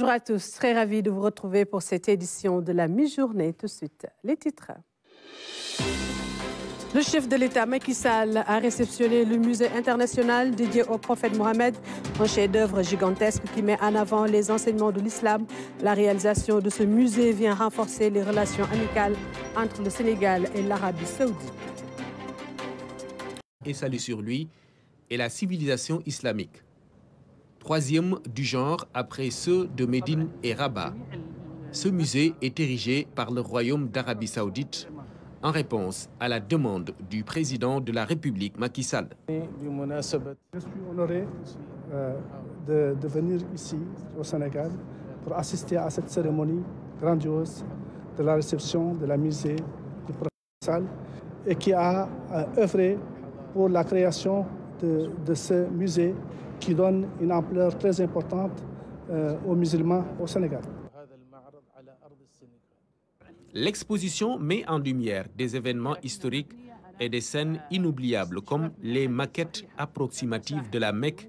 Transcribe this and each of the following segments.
Bonjour à tous, très ravi de vous retrouver pour cette édition de la mi-journée. Tout de suite, les titres. Le chef de l'État, Macky Sall, a réceptionné le musée international dédié au prophète Mohamed, un chef-d'œuvre gigantesque qui met en avant les enseignements de l'islam. La réalisation de ce musée vient renforcer les relations amicales entre le Sénégal et l'Arabie saoudite. Et salut sur lui et la civilisation islamique troisième du genre après ceux de Médine et Rabat. Ce musée est érigé par le Royaume d'Arabie saoudite en réponse à la demande du président de la République, Macky Sall. Je suis honoré euh, de, venir ici au Sénégal pour assister à cette cérémonie grandiose de la réception de la musée du professeur Sall et qui a euh, œuvré pour la création de ce musée qui donne une ampleur très importante euh, aux musulmans au Sénégal. L'exposition met en lumière des événements historiques et des scènes inoubliables comme les maquettes approximatives de la Mecque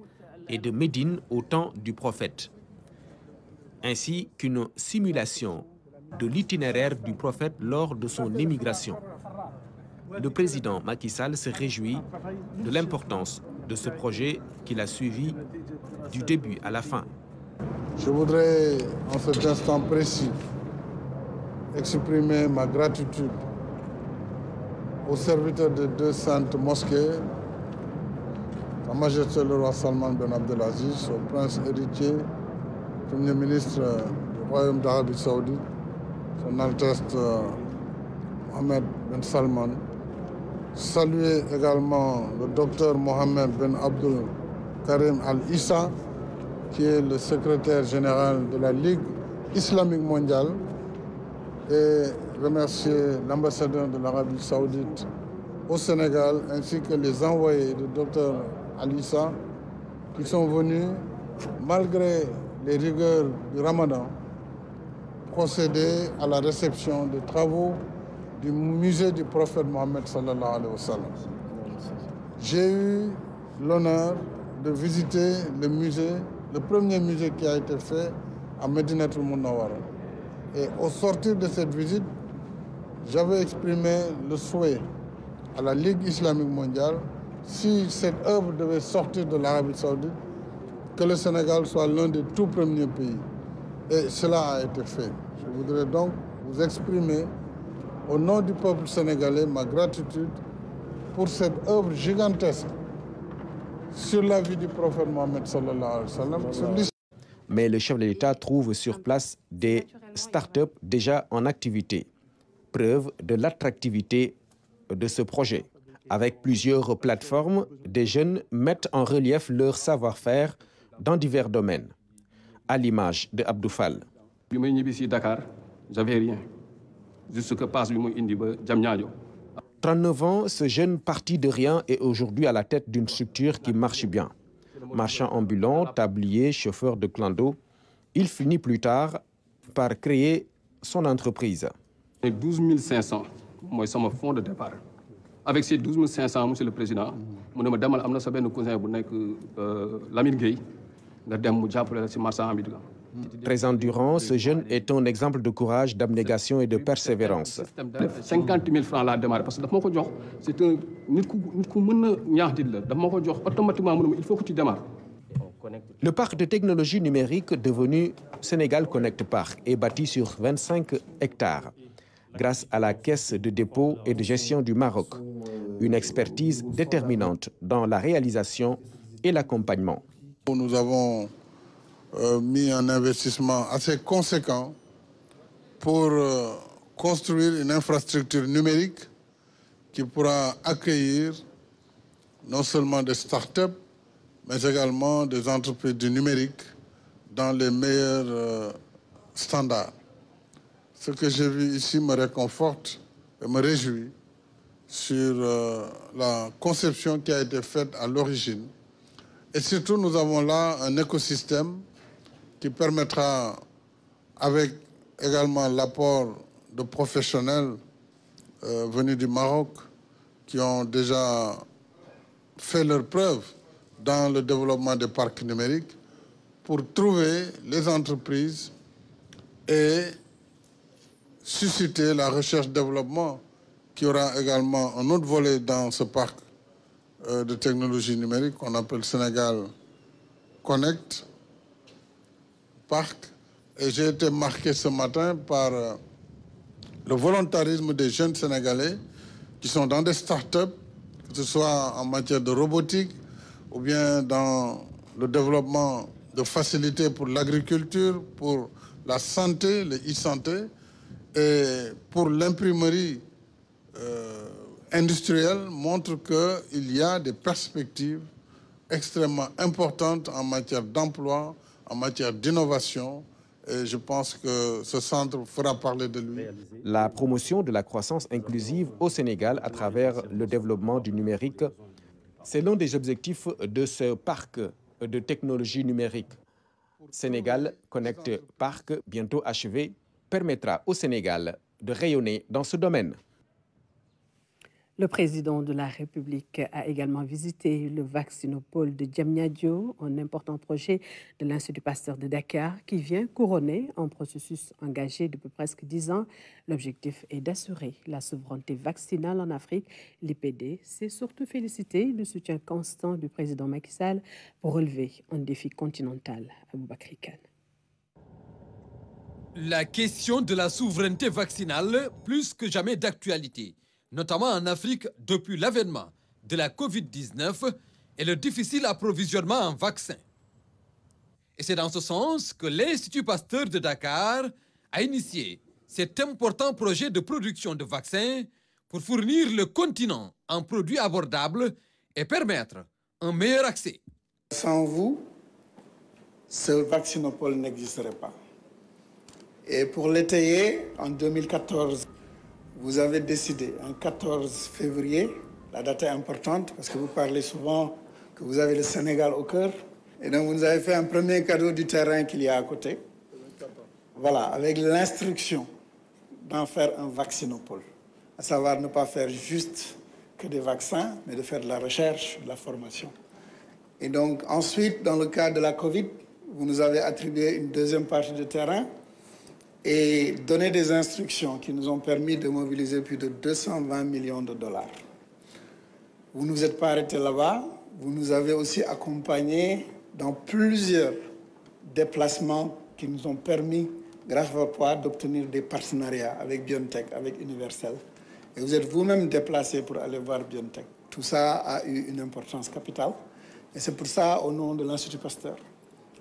et de Médine au temps du prophète, ainsi qu'une simulation de l'itinéraire du prophète lors de son émigration. Le président Macky Sall se réjouit de l'importance de ce projet qu'il a suivi du début à la fin. Je voudrais, en cet instant précis, exprimer ma gratitude aux serviteurs des deux saintes mosquées, Sa Majesté le roi Salman Ben Abdelaziz, au prince héritier, Premier ministre du Royaume d'Arabie Saoudite, son Altesse euh, Mohamed Ben Salman, Saluer également le docteur Mohamed Ben Abdul Karim Al-Issa, qui est le secrétaire général de la Ligue islamique mondiale, et remercier l'ambassadeur de l'Arabie saoudite au Sénégal, ainsi que les envoyés du docteur Al-Issa, qui sont venus, malgré les rigueurs du ramadan, procéder à la réception des travaux du musée du prophète Mohamed sallallahu alayhi wa sallam. J'ai eu l'honneur de visiter le musée, le premier musée qui a été fait à Medinatul Munawara. Et au sortir de cette visite, j'avais exprimé le souhait à la Ligue islamique mondiale, si cette œuvre devait sortir de l'Arabie saoudite, que le Sénégal soit l'un des tout premiers pays. Et cela a été fait. Je voudrais donc vous exprimer au nom du peuple sénégalais ma gratitude pour cette œuvre gigantesque sur la vie du prophète Mohamed Mais le chef de l'État trouve sur place des start-up déjà en activité, preuve de l'attractivité de ce projet. Avec plusieurs plateformes, des jeunes mettent en relief leur savoir-faire dans divers domaines, à l'image de Abdoufal. Dakar, j'avais rien ce que passe 39 ans, ce jeune parti de rien est aujourd'hui à la tête d'une structure qui marche bien. Marchand ambulant, tablier, chauffeur de d'eau, il finit plus tard par créer son entreprise. Et 12 500, moi, c'est mon fonds de départ. Avec ces 12 500, Monsieur le Président, je suis venu à Sabine, maison de Lamine Gueye, de Très endurant, ce jeune est un exemple de courage, d'abnégation et de persévérance. Le parc de technologie numérique devenu Sénégal Connect Park est bâti sur 25 hectares grâce à la Caisse de dépôt et de gestion du Maroc, une expertise déterminante dans la réalisation et l'accompagnement. Nous avons euh, mis un investissement assez conséquent pour euh, construire une infrastructure numérique qui pourra accueillir non seulement des start-up, mais également des entreprises du numérique dans les meilleurs euh, standards. Ce que j'ai vu ici me réconforte et me réjouit sur la conception qui a été faite à l'origine. Et surtout, nous avons là un écosystème qui permettra, avec également l'apport de professionnels euh, venus du Maroc, qui ont déjà fait leur preuve dans le développement des parcs numériques, pour trouver les entreprises et susciter la recherche-développement qui aura également un autre volet dans ce parc euh, de technologie numérique qu'on appelle Sénégal Connect, et j'ai été marqué ce matin par euh, le volontarisme des jeunes Sénégalais qui sont dans des start-up, que ce soit en matière de robotique ou bien dans le développement de facilités pour l'agriculture, pour la santé, les e-santé, et pour l'imprimerie euh, industrielle montre qu'il y a des perspectives extrêmement importantes en matière d'emploi, en matière d'innovation. Et je pense que ce centre fera parler de lui. La promotion de la croissance inclusive au Sénégal à travers le développement du numérique, c'est l'un des objectifs de ce parc de technologie numérique. Sénégal Connect Park, bientôt achevé, permettra au Sénégal de rayonner dans ce domaine. Le président de la République a également visité le vaccinopole de Diamniadio, un important projet de l'Institut Pasteur de Dakar qui vient couronner un processus engagé depuis presque dix ans. L'objectif est d'assurer la souveraineté vaccinale en Afrique. L'IPD s'est surtout félicité du soutien constant du président Macky Sall pour relever un défi continental à La question de la souveraineté vaccinale, plus que jamais d'actualité notamment en Afrique depuis l'avènement de la COVID-19 et le difficile approvisionnement en vaccins. Et c'est dans ce sens que l'Institut Pasteur de Dakar a initié cet important projet de production de vaccins pour fournir le continent en produits abordables et permettre un meilleur accès. Sans vous, ce vaccinopole n'existerait pas. Et pour l'étayer, en 2014, vous avez décidé en 14 février, la date est importante parce que vous parlez souvent que vous avez le Sénégal au cœur. Et donc vous nous avez fait un premier cadeau du terrain qu'il y a à côté. Voilà, avec l'instruction d'en faire un vaccinopole, à savoir ne pas faire juste que des vaccins, mais de faire de la recherche, de la formation. Et donc ensuite, dans le cas de la COVID, vous nous avez attribué une deuxième partie de terrain et donner des instructions qui nous ont permis de mobiliser plus de 220 millions de dollars. Vous ne nous êtes pas arrêtés là-bas, vous nous avez aussi accompagnés dans plusieurs déplacements qui nous ont permis, grâce à votre d'obtenir des partenariats avec BioNTech, avec Universel. Et vous êtes vous-même déplacé pour aller voir BioNTech. Tout ça a eu une importance capitale. Et c'est pour ça, au nom de l'Institut Pasteur,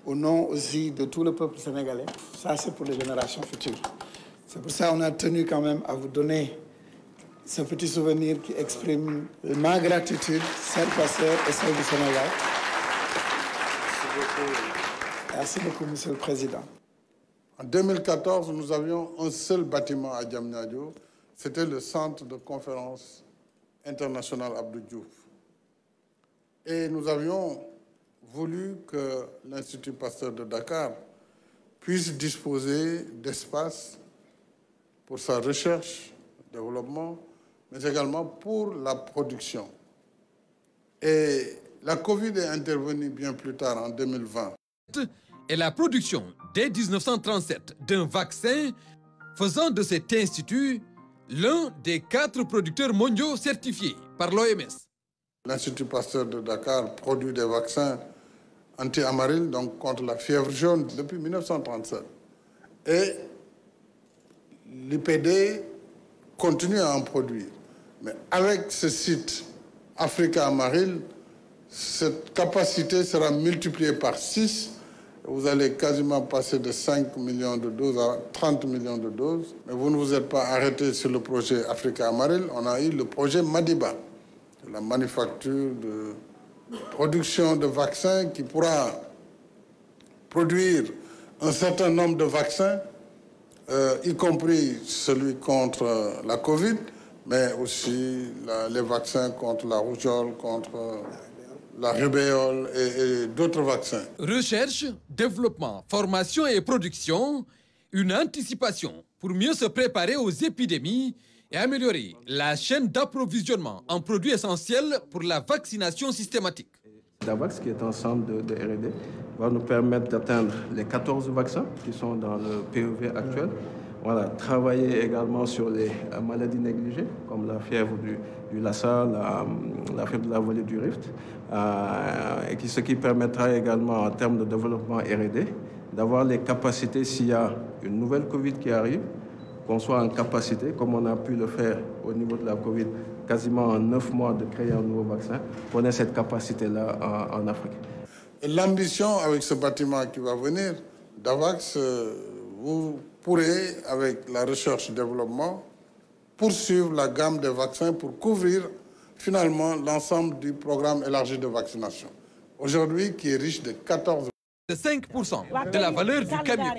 au nom aussi de tout le peuple sénégalais. Ça, c'est pour les générations futures. C'est pour ça qu'on a tenu quand même à vous donner ce petit souvenir qui exprime ma gratitude, celle passée et celle du Sénégal. Merci beaucoup. Merci beaucoup, Monsieur le Président. En 2014, nous avions un seul bâtiment à Diamniadio. C'était le centre de conférence internationale Abdou Diouf. Et nous avions voulu que l'Institut Pasteur de Dakar puisse disposer d'espace pour sa recherche, développement, mais également pour la production. Et la Covid est intervenue bien plus tard, en 2020. Et la production, dès 1937, d'un vaccin faisant de cet institut l'un des quatre producteurs mondiaux certifiés par l'OMS. L'Institut Pasteur de Dakar produit des vaccins anti-amaril, donc contre la fièvre jaune, depuis 1937. Et l'IPD continue à en produire. Mais avec ce site Africa Amaril, cette capacité sera multipliée par 6. Vous allez quasiment passer de 5 millions de doses à 30 millions de doses. Mais vous ne vous êtes pas arrêté sur le projet Africa Amaril. On a eu le projet Madiba, la manufacture de production de vaccins qui pourra produire un certain nombre de vaccins, euh, y compris celui contre la Covid, mais aussi les vaccins contre la rougeole, contre euh, la rubéole et d'autres vaccins. Recherche, développement, formation et production, une anticipation pour mieux se préparer aux épidémies et améliorer la chaîne d'approvisionnement en produits essentiels pour la vaccination systématique. DAVAX, qui est ensemble de, R&D, va nous permettre d'atteindre les 14 vaccins qui sont dans le PEV actuel. Voilà, travailler également sur les euh, maladies négligées, comme la fièvre du, du Lassa, la, euh, fièvre de la volée du Rift, euh, et ce qui permettra également en termes de développement R&D d'avoir les capacités s'il y a une nouvelle Covid qui arrive, qu'on soit en capacité, comme on a pu le faire au niveau de la COVID, quasiment en neuf mois de créer un nouveau vaccin, qu'on ait cette capacité-là en, en, Afrique. L'ambition avec ce bâtiment qui va venir, d'AVAX, euh, vous pourrez, avec la recherche et développement, poursuivre la gamme de vaccins pour couvrir finalement l'ensemble du programme élargi de vaccination, aujourd'hui qui est riche de 14 5% de la valeur du camion.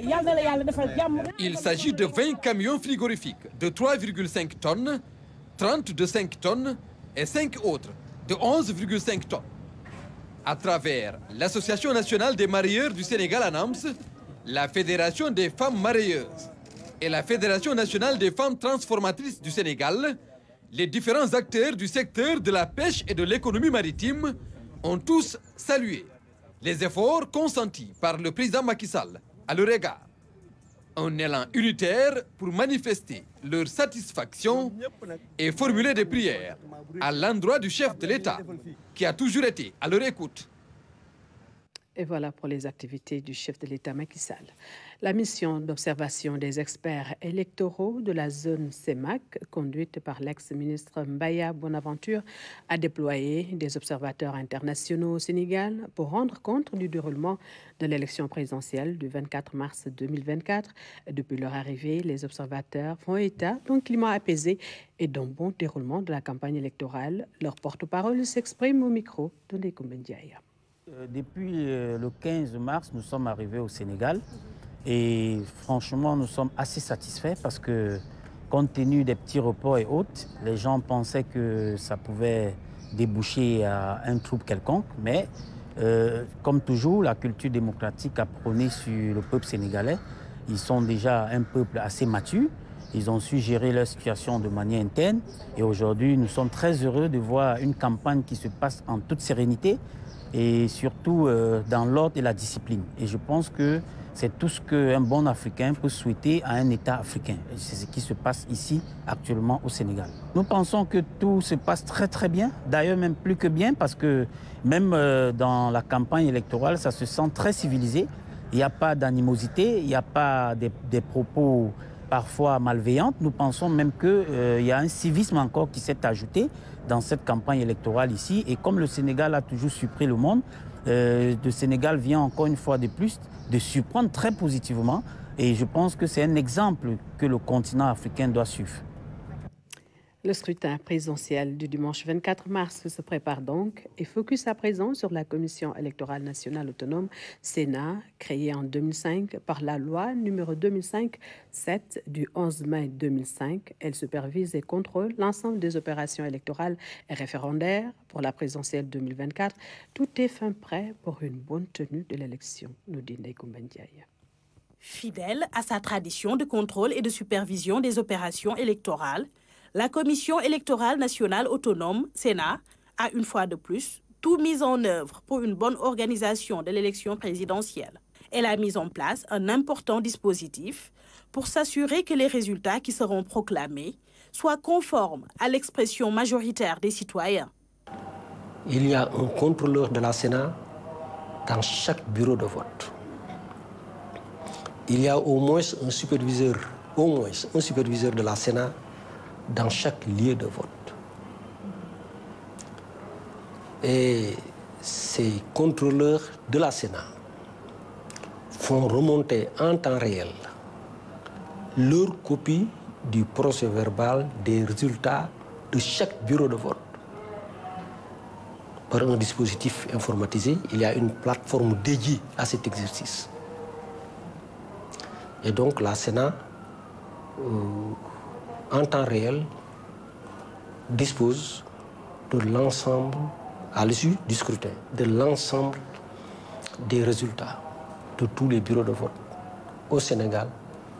Il s'agit de 20 camions frigorifiques de 3,5 tonnes, 30 de 5 tonnes et 5 autres de 11,5 tonnes. À travers l'Association nationale des marieurs du Sénégal à Nams, la Fédération des femmes marieuses et la Fédération nationale des femmes transformatrices du Sénégal, les différents acteurs du secteur de la pêche et de l'économie maritime ont tous salué les efforts consentis par le président Macky Sall à leur égard. Un élan unitaire pour manifester leur satisfaction et formuler des prières à l'endroit du chef de l'État qui a toujours été à leur écoute. Et voilà pour les activités du chef de l'État Macky Sall. La mission d'observation des experts électoraux de la zone CEMAC, conduite par l'ex-ministre Mbaya Bonaventure, a déployé des observateurs internationaux au Sénégal pour rendre compte du déroulement de l'élection présidentielle du 24 mars 2024. Depuis leur arrivée, les observateurs font état d'un climat apaisé et d'un bon déroulement de la campagne électorale. Leur porte-parole s'exprime au micro de Nekoumbendiaïa. Euh, depuis euh, le 15 mars, nous sommes arrivés au Sénégal. Et franchement, nous sommes assez satisfaits parce que, compte tenu des petits reports et autres, les gens pensaient que ça pouvait déboucher à un trouble quelconque. Mais, euh, comme toujours, la culture démocratique a prôné sur le peuple sénégalais. Ils sont déjà un peuple assez mature. Ils ont su gérer leur situation de manière interne. Et aujourd'hui, nous sommes très heureux de voir une campagne qui se passe en toute sérénité et surtout euh, dans l'ordre et la discipline. Et je pense que c'est tout ce qu'un bon Africain peut souhaiter à un État africain. C'est ce qui se passe ici actuellement au Sénégal. Nous pensons que tout se passe très très bien, d'ailleurs même plus que bien, parce que même euh, dans la campagne électorale, ça se sent très civilisé. Il n'y a pas d'animosité, il n'y a pas des, propos parfois malveillants. Nous pensons même qu'il euh, il y a un civisme encore qui s'est ajouté dans cette campagne électorale ici. Et comme le Sénégal a toujours surpris le monde, le euh, Sénégal vient encore une fois de plus de surprendre très positivement. Et je pense que c'est un exemple que le continent africain doit suivre. Le scrutin présidentiel du dimanche 24 mars se prépare donc et focus à présent sur la Commission électorale nationale autonome Sénat, créée en 2005 par la loi numéro 2005-7 du 11 mai 2005. Elle supervise et contrôle l'ensemble des opérations électorales et référendaires pour la présidentielle 2024. Tout est fin prêt pour une bonne tenue de l'élection, nous dit Fidèle à sa tradition de contrôle et de supervision des opérations électorales, la Commission électorale nationale autonome, Sénat, a une fois de plus tout mis en œuvre pour une bonne organisation de l'élection présidentielle. Elle a mis en place un important dispositif pour s'assurer que les résultats qui seront proclamés soient conformes à l'expression majoritaire des citoyens. Il y a un contrôleur de la Sénat dans chaque bureau de vote. Il y a au moins un superviseur, au moins un superviseur de la Sénat dans chaque lieu de vote. Et ces contrôleurs de la Sénat font remonter en temps réel leur copie du procès verbal des résultats de chaque bureau de vote. Par un dispositif informatisé, il y a une plateforme dédiée à cet exercice. Et donc la Sénat euh, en temps réel dispose de l'ensemble, à l'issue du scrutin, de l'ensemble des résultats de tous les bureaux de vote au Sénégal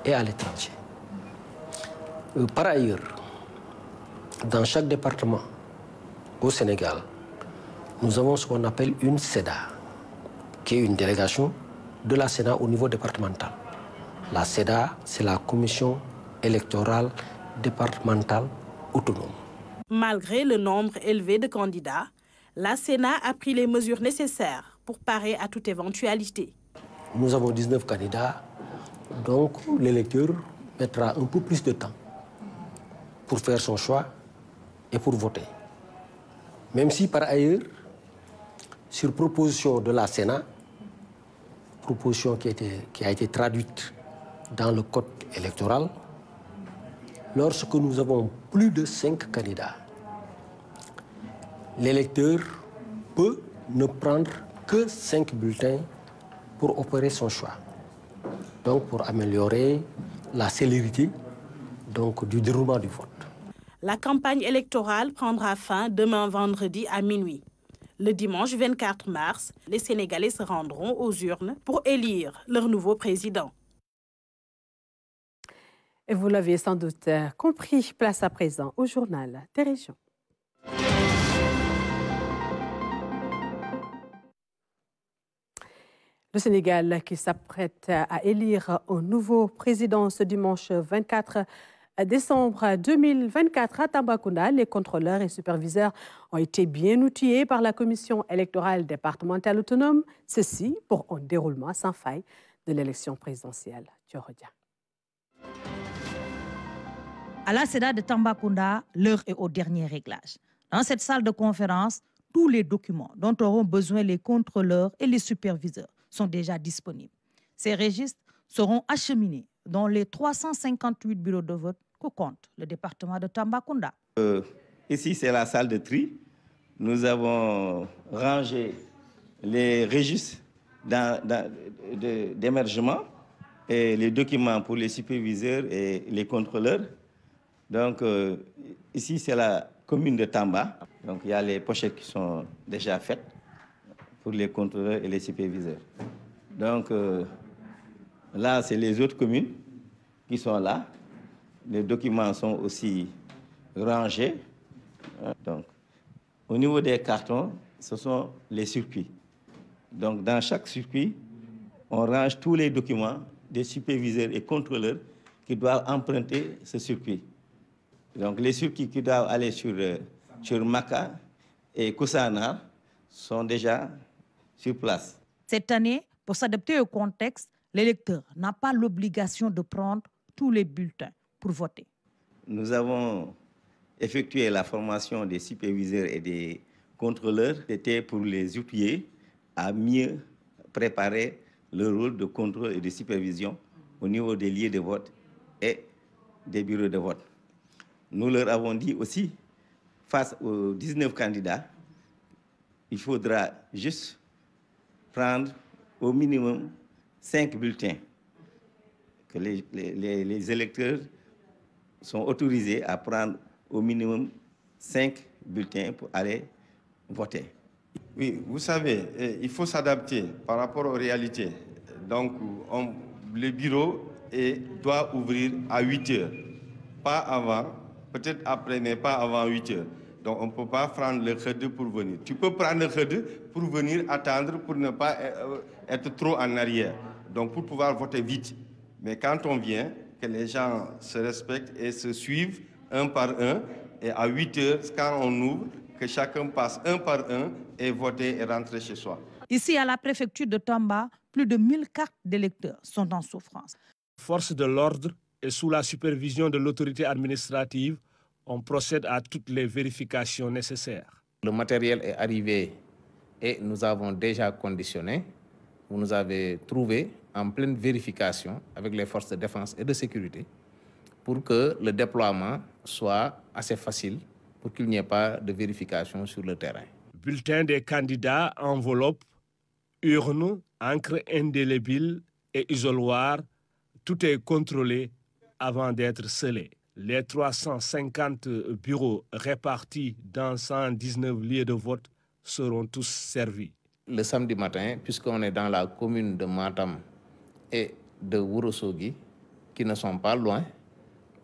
et à l'étranger. Euh, par ailleurs, dans chaque département au Sénégal, nous avons ce qu'on appelle une SEDA, qui est une délégation de la SEDA au niveau départemental. La SEDA, c'est la Commission électorale départemental autonome. Malgré le nombre élevé de candidats, la Sénat a pris les mesures nécessaires pour parer à toute éventualité. Nous avons 19 candidats, donc l'électeur mettra un peu plus de temps pour faire son choix et pour voter. Même si par ailleurs, sur proposition de la Sénat, proposition qui qui a été traduite dans le code électoral, lorsque nous avons plus de cinq candidats, l'électeur peut ne prendre que cinq bulletins pour opérer son choix. Donc pour améliorer la célérité donc, du déroulement du vote. La campagne électorale prendra fin demain vendredi à minuit. Le dimanche 24 mars, les Sénégalais se rendront aux urnes pour élire leur nouveau président. Et vous l'avez sans doute euh, compris, place à présent au journal des régions. Le Sénégal qui s'apprête à élire un nouveau président ce dimanche 24 décembre 2024 à Tambacounda, les contrôleurs et superviseurs ont été bien outillés par la commission électorale départementale autonome, ceci pour un déroulement sans faille de l'élection présidentielle. reviens. À la CEDA de Tambacounda, l'heure est au dernier réglage. Dans cette salle de conférence, tous les documents dont auront besoin les contrôleurs et les superviseurs sont déjà disponibles. Ces registres seront acheminés dans les 358 bureaux de vote que compte le département de Tambacounda. Euh, ici, c'est la salle de tri. Nous avons rangé les registres d'émergement et les documents pour les superviseurs et les contrôleurs. Donc, euh, ici, c'est la commune de Tamba. Donc, il y a les pochettes qui sont déjà faites pour les contrôleurs et les superviseurs. Donc, euh, là, c'est les autres communes qui sont là. Les documents sont aussi rangés. Donc, au niveau des cartons, ce sont les circuits. Donc, dans chaque circuit, on range tous les documents des superviseurs et contrôleurs qui doivent emprunter ce circuit. Donc les circuits qui doivent aller sur, euh, sur Maka et Kusana sont déjà sur place. Cette année, pour s'adapter au contexte, l'électeur n'a pas l'obligation de prendre tous les bulletins pour voter. Nous avons effectué la formation des superviseurs et des contrôleurs. C'était pour les outiller à mieux préparer le rôle de contrôle et de supervision au niveau des lieux de vote et des bureaux de vote. Nous leur avons dit aussi, face aux 19 candidats, il faudra juste prendre au minimum 5 bulletins que les, électeurs sont autorisés à prendre au minimum 5 bulletins pour aller voter. Oui, vous savez, il faut s'adapter par rapport aux réalités. Donc, le bureau doit ouvrir à 8 heures, pas avant, peut-être après, mais pas avant 8 heures. Donc on ne peut pas prendre le red pour venir. Tu peux prendre le khede pour venir attendre, pour ne pas euh, euh, être trop en arrière. Donc pour pouvoir voter vite. Mais quand on vient, que les gens se respectent et se suivent un par un. Et à 8 heures, quand on ouvre, que chacun passe un par un et voter et rentrer chez soi. Ici, à la préfecture de Tamba, plus de 1000 cartes d'électeurs sont en souffrance. Force de l'ordre et sous la supervision de l'autorité administrative, on procède à toutes les vérifications nécessaires. Le matériel est arrivé et nous avons déjà conditionné. Vous nous avez trouvé en pleine vérification avec les forces de défense et de sécurité pour que le déploiement soit assez facile, pour qu'il n'y ait pas de vérification sur le terrain. Bulletin des candidats, enveloppe, urne, encre indélébile et isoloir, tout est contrôlé avant d'être scellés. Les 350 bureaux répartis dans 119 lieux de vote seront tous servis. Le samedi matin, puisqu'on est dans la commune de Matam et de Wurosogi, qui ne sont pas loin,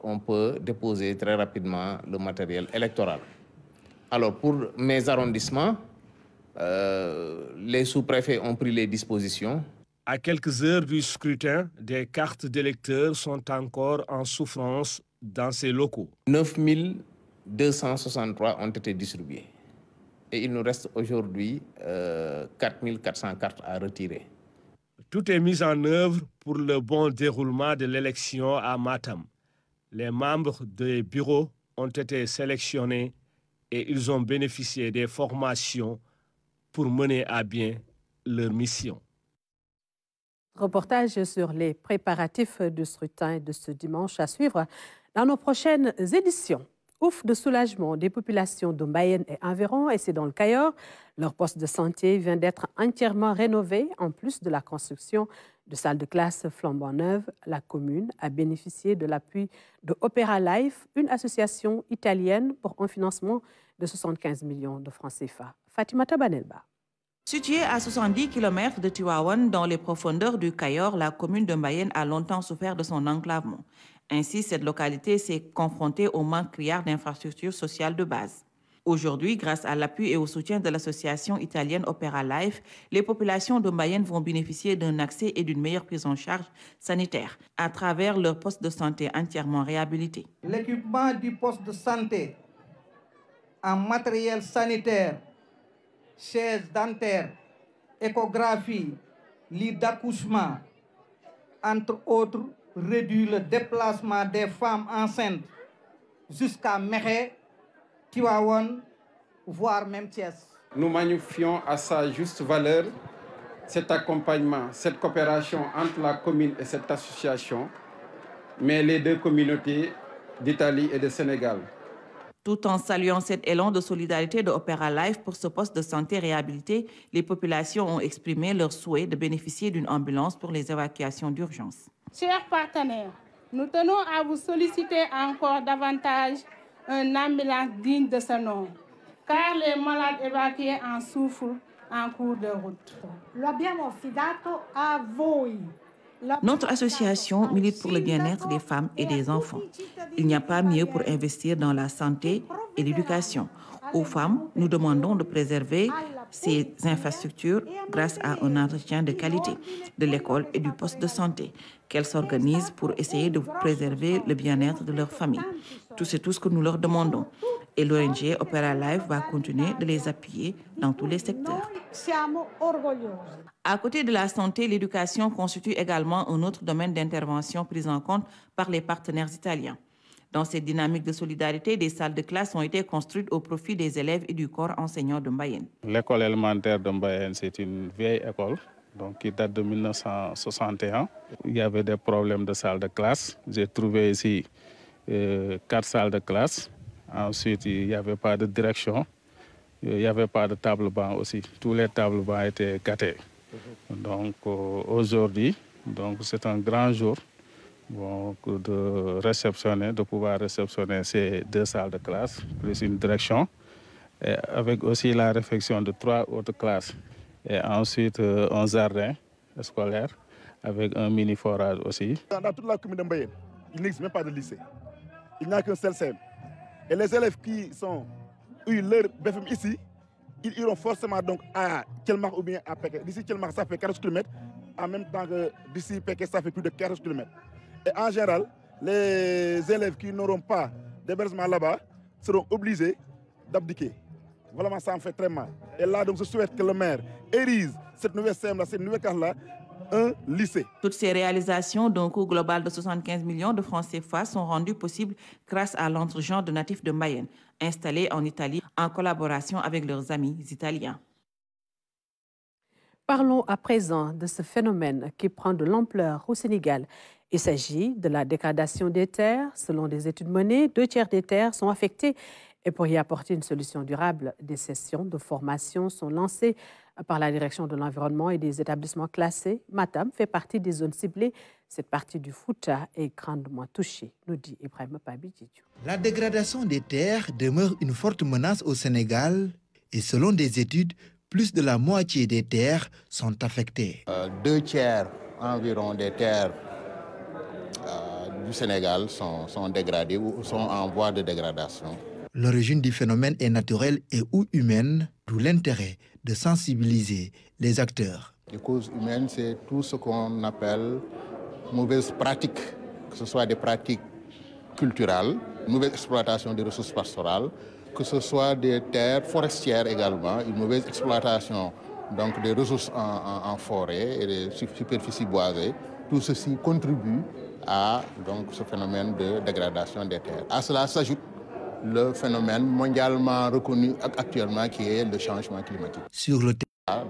on peut déposer très rapidement le matériel électoral. Alors pour mes arrondissements, euh, les sous-préfets ont pris les dispositions à quelques heures du scrutin, des cartes d'électeurs sont encore en souffrance dans ces locaux. 9263 ont été distribuées et il nous reste aujourd'hui 4 euh, 4400 cartes à retirer. Tout est mis en œuvre pour le bon déroulement de l'élection à Matam. Les membres des bureaux ont été sélectionnés et ils ont bénéficié des formations pour mener à bien leur mission. Reportage sur les préparatifs du scrutin de ce dimanche à suivre dans nos prochaines éditions. Ouf de soulagement des populations de Mayenne et environ, et c'est dans le Cayor. Leur poste de santé vient d'être entièrement rénové. En plus de la construction de salles de classe flambant neuves, la commune a bénéficié de l'appui de Opera Life, une association italienne pour un financement de 75 millions de francs CFA. Fatima Tabanelba. Située à 70 km de Tiwawan, dans les profondeurs du Cayor, la commune de Mayenne a longtemps souffert de son enclavement. Ainsi, cette localité s'est confrontée au manque criard d'infrastructures sociales de base. Aujourd'hui, grâce à l'appui et au soutien de l'association italienne Opera Life, les populations de Mayenne vont bénéficier d'un accès et d'une meilleure prise en charge sanitaire à travers leur poste de santé entièrement réhabilité. L'équipement du poste de santé en matériel sanitaire Chaise dentaire, échographie, lit d'accouchement, entre autres, réduit le déplacement des femmes enceintes jusqu'à Méré, Tiwawon, voire même Thiès. Nous magnifions à sa juste valeur cet accompagnement, cette coopération entre la commune et cette association, mais les deux communautés d'Italie et de Sénégal. Tout en saluant cet élan de solidarité de Opéra Life pour ce poste de santé réhabilité, les populations ont exprimé leur souhait de bénéficier d'une ambulance pour les évacuations d'urgence. Chers partenaires, nous tenons à vous solliciter encore davantage une ambulance digne de ce nom, car les malades évacués en souffrent en cours de route. affidato a voi. Notre association milite pour le bien-être des femmes et des enfants. Il n'y a pas mieux pour investir dans la santé et l'éducation. Aux femmes, nous demandons de préserver ces infrastructures grâce à un entretien de qualité de l'école et du poste de santé, qu'elles s'organisent pour essayer de préserver le bien-être de leur famille. Tout c'est tout ce que nous leur demandons. Et l'ONG Opera Life va continuer de les appuyer dans tous les secteurs sommes À côté de la santé, l'éducation constitue également un autre domaine d'intervention pris en compte par les partenaires italiens. Dans cette dynamique de solidarité, des salles de classe ont été construites au profit des élèves et du corps enseignant de L'école élémentaire de c'est une vieille école donc, qui date de 1961. Il y avait des problèmes de salles de classe. J'ai trouvé ici euh, quatre salles de classe. Ensuite, il n'y avait pas de direction il n'y avait pas de table banc aussi. Tous les tables bancs étaient gâtés. Donc euh, aujourd'hui, donc c'est un grand jour de réceptionner, de pouvoir réceptionner ces deux salles de classe, plus une direction, avec aussi la réflexion de trois autres classes. Et ensuite euh, un jardin scolaire avec un mini forage aussi. Dans toute la commune de Mbaye, il n'existe même pas de lycée. Il n'y a qu'un seul Et les élèves qui sont leur BFM ici, ils iront forcément donc à Kelmar ou bien à Pékin. D'ici Kelmar, ça fait 40 km, en même temps que d'ici Pékin, ça fait plus de 40 km. Et en général, les élèves qui n'auront pas d'hébergement là-bas seront obligés d'abdiquer. Vraiment, ça me fait très mal. Et là, donc, je souhaite que le maire érise cette nouvelle scène cette nouvelle carte-là, lycée. Toutes ces réalisations d'un coût global de 75 millions de francs CFA sont rendues possibles grâce à l'entregent de natifs de Mayenne, installés en Italie en collaboration avec leurs amis italiens. Parlons à présent de ce phénomène qui prend de l'ampleur au Sénégal. Il s'agit de la dégradation des terres. Selon des études menées, deux tiers des terres sont affectées et pour y apporter une solution durable, des sessions de formation sont lancées par la direction de l'environnement et des établissements classés. Matam fait partie des zones ciblées. Cette partie du Fouta est grandement touchée, nous dit Ibrahim Pabidjidjou. La dégradation des terres demeure une forte menace au Sénégal et selon des études, plus de la moitié des terres sont affectées. Euh, deux tiers environ des terres euh, du Sénégal sont, sont dégradées ou sont en voie de dégradation. L'origine du phénomène est naturelle et ou humaine, d'où l'intérêt de sensibiliser les acteurs. Les causes humaines, c'est tout ce qu'on appelle mauvaises pratiques, que ce soit des pratiques culturelles, mauvaise exploitation des ressources pastorales, que ce soit des terres forestières également, une mauvaise exploitation donc des ressources en, forêt et des superficies boisées. Tout ceci contribue à donc, ce phénomène de dégradation des terres. À cela s'ajoute le phénomène mondialement reconnu actuellement qui est le changement climatique. Sur le ah,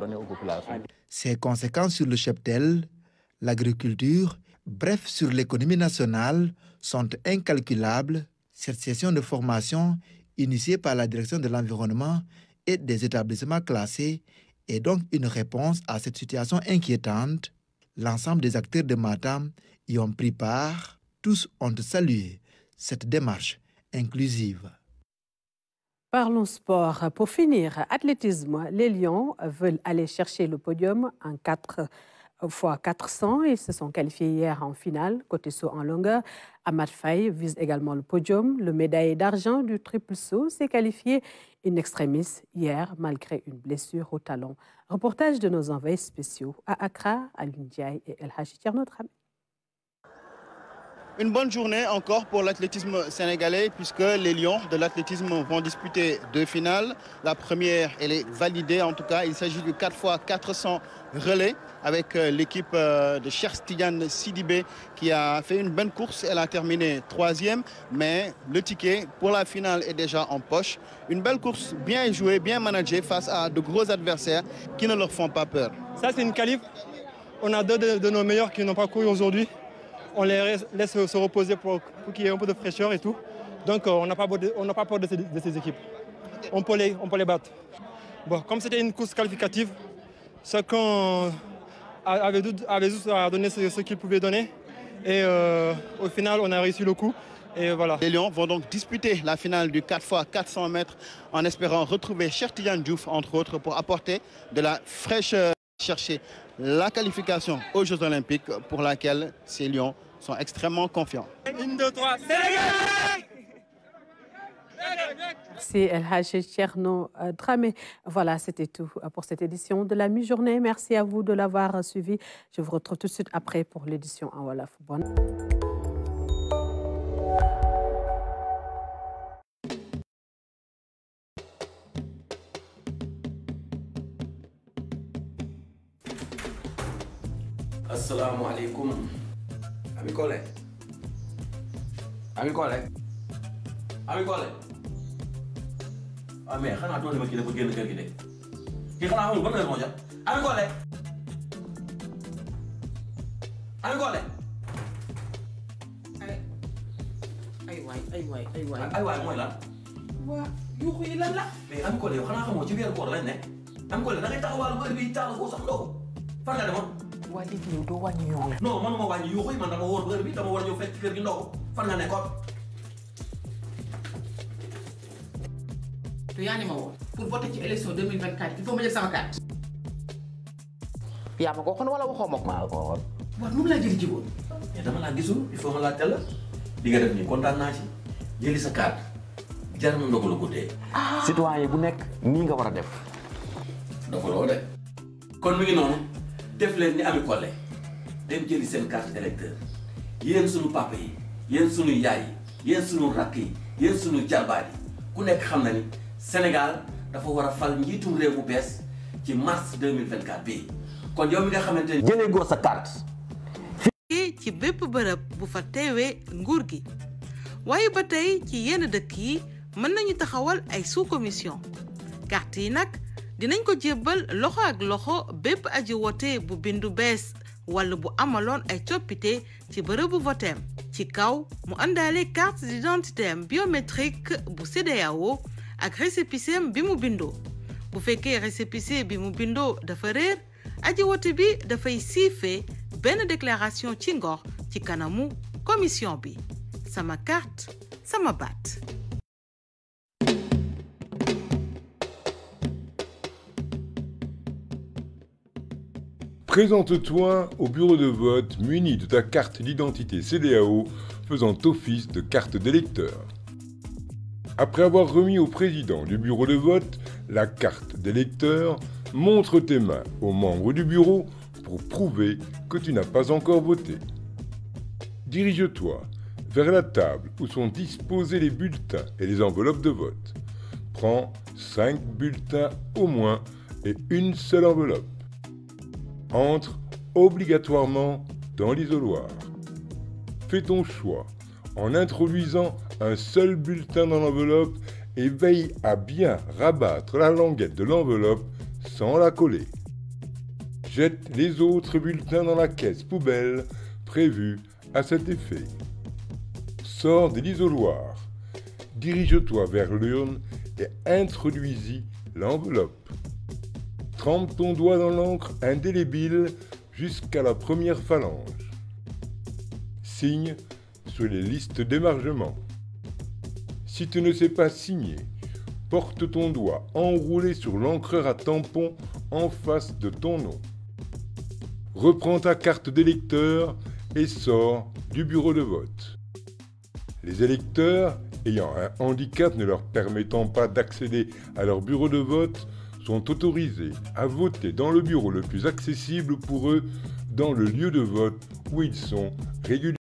Ses conséquences sur le cheptel, l'agriculture, bref sur l'économie nationale sont incalculables. Cette session de formation initiée par la direction de l'environnement et des établissements classés est donc une réponse à cette situation inquiétante. L'ensemble des acteurs de Matam y ont pris part. Tous ont salué cette démarche inclusive. Parlons sport. Pour finir, athlétisme, les Lions veulent aller chercher le podium en 4 x 400. Ils se sont qualifiés hier en finale, côté saut en longueur. Ahmad Faye vise également le podium. Le médaillé d'argent du triple saut s'est qualifié in extremis hier, malgré une blessure au talon. Reportage de nos envoyés spéciaux à Accra, à Lundiaï et El notre ami. Une bonne journée encore pour l'athlétisme sénégalais puisque les Lions de l'athlétisme vont disputer deux finales. La première, elle est validée en tout cas. Il s'agit du 4 x 400 relais avec euh, l'équipe euh, de Cherstigan Sidibé qui a fait une bonne course. Elle a terminé troisième, mais le ticket pour la finale est déjà en poche. Une belle course bien jouée, bien managée face à de gros adversaires qui ne leur font pas peur. Ça, c'est une qualif. On a deux de nos meilleurs qui n'ont pas couru aujourd'hui on les laisse se reposer pour, qu'il y ait un peu de fraîcheur et tout. Donc euh, on n'a pas, pas, peur de ces, équipes. On peut, les, battre. Bon, comme c'était une course qualificative, chacun avait, avait juste à donner ce, qu'il pouvait donner. Et euh, au final, on a réussi le coup. Et voilà. Les Lions vont donc disputer la finale du 4x400 mètres en espérant retrouver Chertian Diouf, entre autres, pour apporter de la fraîcheur, chercher la qualification aux Jeux Olympiques pour laquelle ces Lions sont extrêmement confiants. Une, deux, trois, Merci El Cherno euh, Dramé. Voilà, c'était tout euh, pour cette édition de la mi-journée. Merci à vous de l'avoir suivi. Je vous retrouve tout de suite après pour l'édition en Wolof. Bonne. Assalamu alaikum. ¿A mí cuál es? ¿A mí cuál es? ¿A mí cuál es? Ah, mira, xanaa doole ma kii dafa génn kër gi de kii xanaa amul ban raison ja ami Kole ami Kole. ay ay waay ay waay ay waay. ay waay mooy lan. waa yuuxu yi lan la. mais ami Kole yow xanaa xamoo ci weeru koor lañ ne. ami Kole da ngay taxawal wër bi taal ko sax doo ko fan nga demoon. waa doo wàññi yoo yi. non ma wàññi yoo yi man dama wóor heure bi dama war a ñëw fekk ci kër gi ndox fan nga nekkoon. te yaa ma woo. pour voter ci élection 2024 il faut yaa ma ko waxoon wala waxoo ma maa ko waxoon. waaw moom laa jël jiwoon. dama laa gisul il faut ma laa tell li nga def nii kontaan naa ci jëli sa carte jar na ndogalu guddee. citoyen bu nekk nii nga war a def. ndogaloo de kon mi ngi noonu. def leen ni ami collé dem jëli seen carte d'électeur yéen sunu papa yi yéen sunu yaay yi yéen sunu rakk yi yéen sunu ku nekk xam ni Sénégal dafa war a fal njiitum réew bu bees ci mars 2024 bii kon yow mi nga xamante ni jëlee sa carte ci bépp bërëb bu fa teewee nguur gi waaye ba ci yenn dëkk yi mën nañu taxawal ay sous commission carte yi dinañ ko jébbal loxo ak loxo bépp aji wote bu bindu bees wala bu amaloon ay coppite ci bërëbu voteem ci kaw mu àndaale carte d'identité am biométrique bu CEDEAO ak récépissem bi mu bindoo bu fekkee récépissé bi mu bindoo dafa réer aji wote bi dafay siife benn déclaration ci ngor ci kanamu commission bi sama carte sama baat Présente-toi au bureau de vote muni de ta carte d'identité CDAO faisant office de carte d'électeur. Après avoir remis au président du bureau de vote la carte d'électeur, montre tes mains aux membres du bureau pour prouver que tu n'as pas encore voté. Dirige-toi vers la table où sont disposés les bulletins et les enveloppes de vote. Prends 5 bulletins au moins et une seule enveloppe entre obligatoirement dans l'isoloir. Fais ton choix en introduisant un seul bulletin dans l'enveloppe et veille à bien rabattre la languette de l'enveloppe sans la coller. Jette les autres bulletins dans la caisse poubelle prévue à cet effet. Sors de l'isoloir, dirige-toi vers l'urne et introduis-y l'enveloppe. Trempe ton doigt dans l'encre indélébile jusqu'à la première phalange. Signe sur les listes d'émargement. Si tu ne sais pas signer, porte ton doigt enroulé sur l'encreur à tampon en face de ton nom. Reprends ta carte d'électeur et sors du bureau de vote. Les électeurs ayant un handicap ne leur permettant pas d'accéder à leur bureau de vote sont autorisés à voter dans le bureau le plus accessible pour eux dans le lieu de vote où ils sont régulièrement